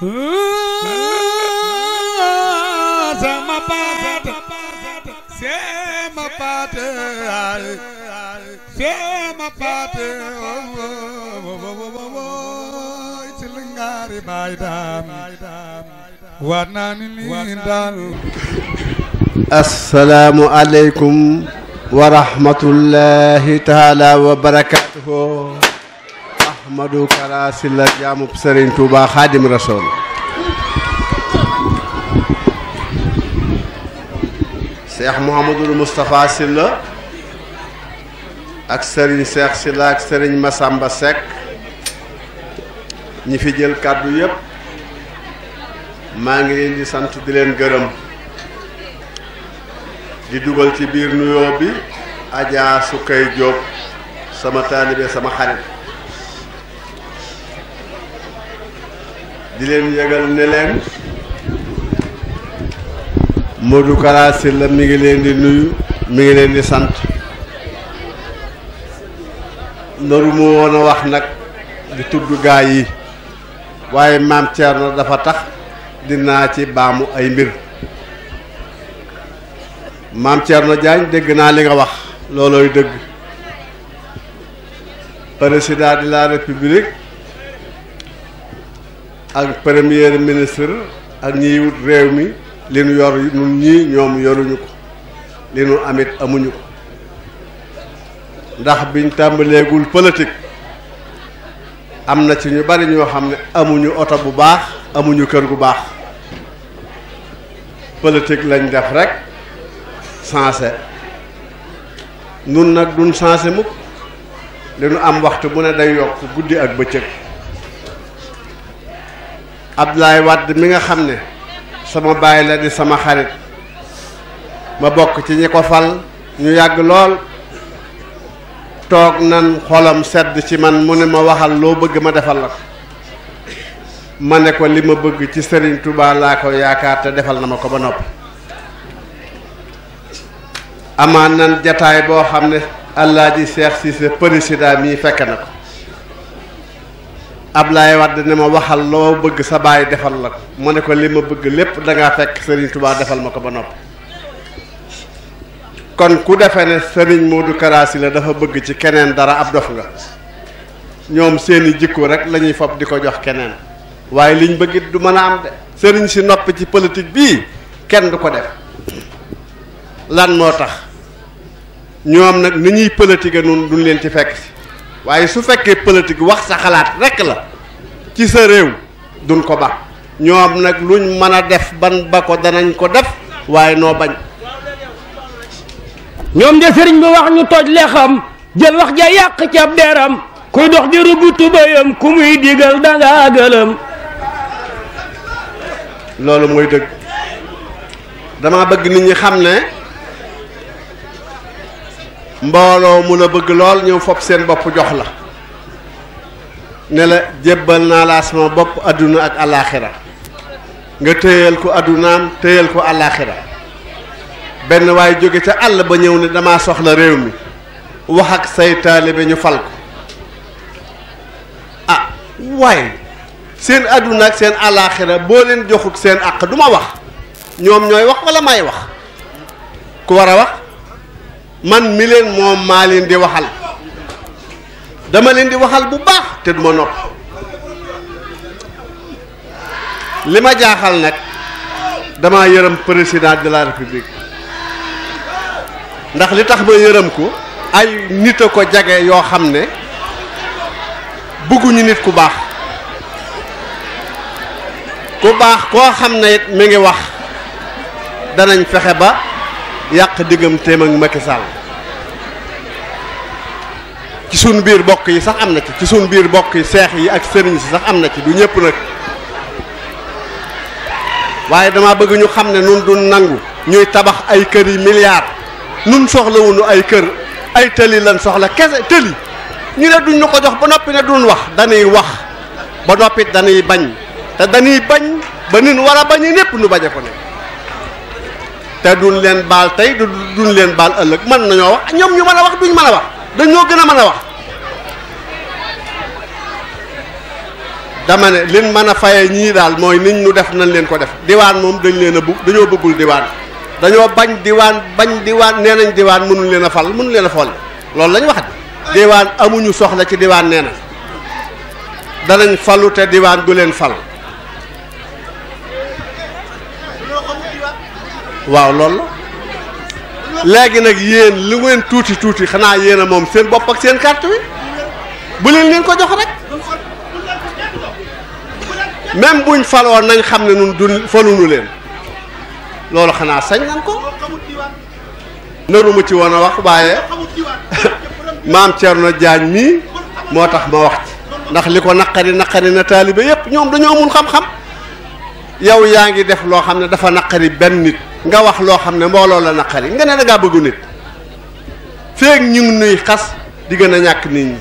sama paat sama paat sama paat ci lingaari baay daam waat naa ni lii daal assalaamu aleykum wa rahmatullahi taala wa barakaatuhu Ahmadou Kara Sylla jaamub Serigne Touba Xaadim Rasool Cheikh Mouhamadul Moustapha ak Serigne Cheikh Sylla ak Serigne Massamba Seck ñi fi jël kàddu yépp maa ngi leen sant di leen gërëm di dugal ci biir nuyoo bi Adja Sukay Diop sama taalibe sama xarit di leen yëgal ne leen Modou Kara la mi ngi leen di nuyu mi ngi leen di sant noru woon a wax nag di tudd gaa yi waaye maam Thierno dafa tax dinaa ci baamu ay mbir maam na Diagne dégg naa li nga wax loolooy dëgg président de la république ak premier ministre ak ñiy wut réew mi li nu yor ñun ñii ñoom yoruñu ko li nu amit amuñu ko ndax biñ tàmbaleegul politique am na ci ñu bari ñoo xam ne amuñu oto bu baax amuñu kër gu baax politique lañ def rek sensé nun nag duñ sensé mukk li nu am waxtu bu ne day yokk guddi ak bëccëg Abdoulaye wàdd mi nga xam ne sama baay la di sama xarit ma bokk ci ñi ko fal ñu yàgg lool toog nan xolam sedd ci man mu ne ma waxal loo bëgg ma defal la ko ma ne ko li ma bëgg ci Serigne Touba yaakaar te defal na ma ko ba noppi amaan nan jataay boo xam ne Alaaji Seex Siise président mii fekk na ko Ablaye Wade ne ma waxal loo bëgg sa baay defal la ko mu ne ko li ma bëgg lépp dangaa ngaa fekk Serigne Touba defal ma ko ba noppi kon ku defee ne Serigne Modou Kara Sylla dafa bëgg ci keneen dara ab dof nga ñoom seeni jikko rek lañuy ñuy di ko jox keneen waaye liñ bëgg du mën a am de Serigne si noppi ci politique bii kenn du ko def lan moo tax ñoom nag ni ñuy politique noonu duñ leen ci fekk si. waaye su fekkee politique wax sa xalaat rekk la ci sa réew duñ ko ba ñoom nag luñ mën a def ban ba ko danañ ko def waaye noo bañ ñoom de sëriñ bi wax ñu toj lexam jël wax ja yàq cab deram kuy dox di rubu tubayam ku muy digal danga gëlëm loolu mooy dëgg dama bëgg nit ñi xam ne mbooloo mu la bëgg lool ñëw fopp seen bopp jox la ne la jébbal naa laa sama bopp àdduna ak alaaxira nga téyal ko addunaam téyal ko alaaxira benn waaye jóge ca àll ba ñëw ne damaa soxla réew mi wax ak say taalibe ñu fal ko ah waaye seen adduna ak seen alaaxira boo leen joxut seen àq du ma wax ñoom ñooy wax wala may wax ku war a wax man mi leen moom maa leen di waxal dama leen di waxal bu baax te duma nopp li ma jaaxal nag dama yërëm président de la république ndax li tax ma yërëm ko ay nit a ko jage yoo xam ne bëgguñu nit ku baax ku baax koo xam ne it mi ngi wax danañ fexe ba yàq digganteem ak Macky Sall ci suñ biir bokk yi sax am na ci ci suñ biir bokk yi seex yi ak sëriñ si sax am na ci du ñëpp nag waaye dama bëgg ñu xam ne nun du nangu ñuy tabax ay kër yi milliards nun soxlawuñu ay kër ay tëli lan soxla kese tëli ñu ne duñ ñu ko jox ba noppi ne duñ wax dañuy wax ba noppi dañuy bañ te dañuy bañ ba nin war a bañ ñépp nu baje ko ne te duñ leen baal tey du duñ leen baal ëllëg man nañoo wax ñoom ñu mën a wax duñ mën a wax dañoo gën a mën a wax dama ne lin mën a faye ñii daal mooy niñ ñu def nañ leen ko def diwaan moom dañ leen a bëgg dañoo bëggul diwaan dañoo bañ diwaan bañ diwaan nee nañ diwaan mënuñ leen a fal mënuñ leen a foll loolu lañu wax diwaan amuñu soxla ci diwaan nee na danañ falu te diwaan du leen fal waaw loolu la léegi nag yéen lu ngeen tuuti tuuti xanaa yéen moom seen bopp ak seen kart wi bu leen leen ko jox rek même buñ faloo nañ xam ne nun du falunu leen loolu xanaa sañ nañ ko naru ci woon a wax waaye maam Thierno Diagne mii moo tax ma wax ci ndax li ko naqari naqari na taalibe yépp ñoom dañoo amul xam-xam yow yaa ngi def loo xam ne dafa naqari benn nit nga wax loo xam ne mbooloo la naqari nga ne da bëggu nit feeg ñu ngi nuy xas di gën a ñàkk nit ñi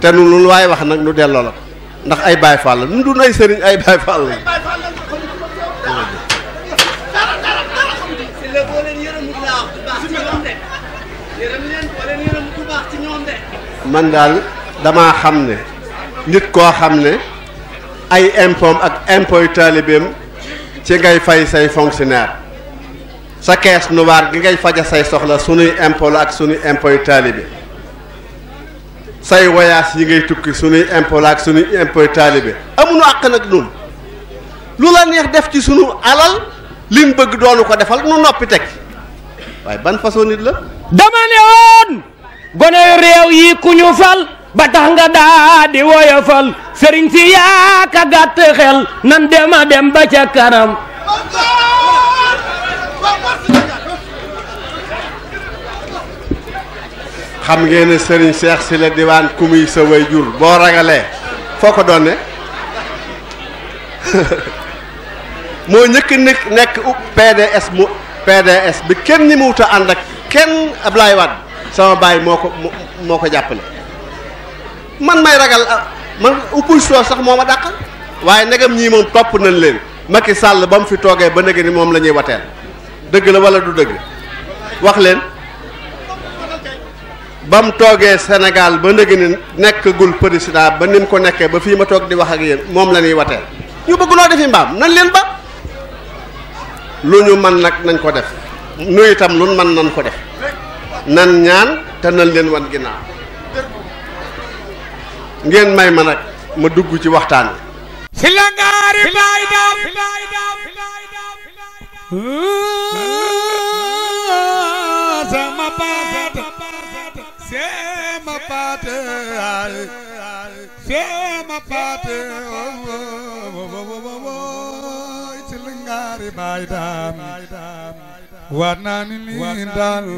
te nu lu waaye wax nag nu delloo la ndax ay baay faal la nu dun ay sëriñ ay baay faal man daal damaa xam ne nit koo xam ne ay impom ak impoy taalibeem ci ngay fay say fonctionnaire sa caisse noire gi ngay faja say soxla sunuy impôt la ak sunuy impôt yu taalibe say voyage yi ngay tukki sunuy impôt la ak sunuy impôt yu taalibe amuñu àq nag lu la neex def ci sunu alal liñ bëgg doonu ko defal nu noppi teg waaye ban façon nit la dama ne woon gone réew yi ku ñu fal ba tax nga daa di woyofal sëriñ si yaa gàtt xel nan dema ba ca kanam xam ngeen sëriñ Cheikh si la diwaan ku muy sa way jur boo ragalee foo ko doon ne moo njëkk nekk nekk PDS mu PDS bi kenn ñi mu wut ànd ak kenn Ablaye Wade sama baay moo ko moo ko jàppale man may ragal ah, man opposition sax moo ma dàqal waaye ndegam ñii moom topp nañ leen Macky sàll ba mu fi toogee ba nege ni moom la ñuy wateel dëgg la wala du dëgg wax leen ba mu toogee Sénégal ba nege ni nekkagul président ba ni mu ko nekkee ba fii ma toog di wax ak yéen moom lañuy ñuy wateel ñu bëgg noo defi mbaam nañ leen ba lu ñu man nag nañ ko def nu itam lu man nañ ko def nan ñaan te nañ leen wan ginnaaw ngeen may ma nag ma dugg ci waxtaan wi si la ngaari baay daam naa ni lii daal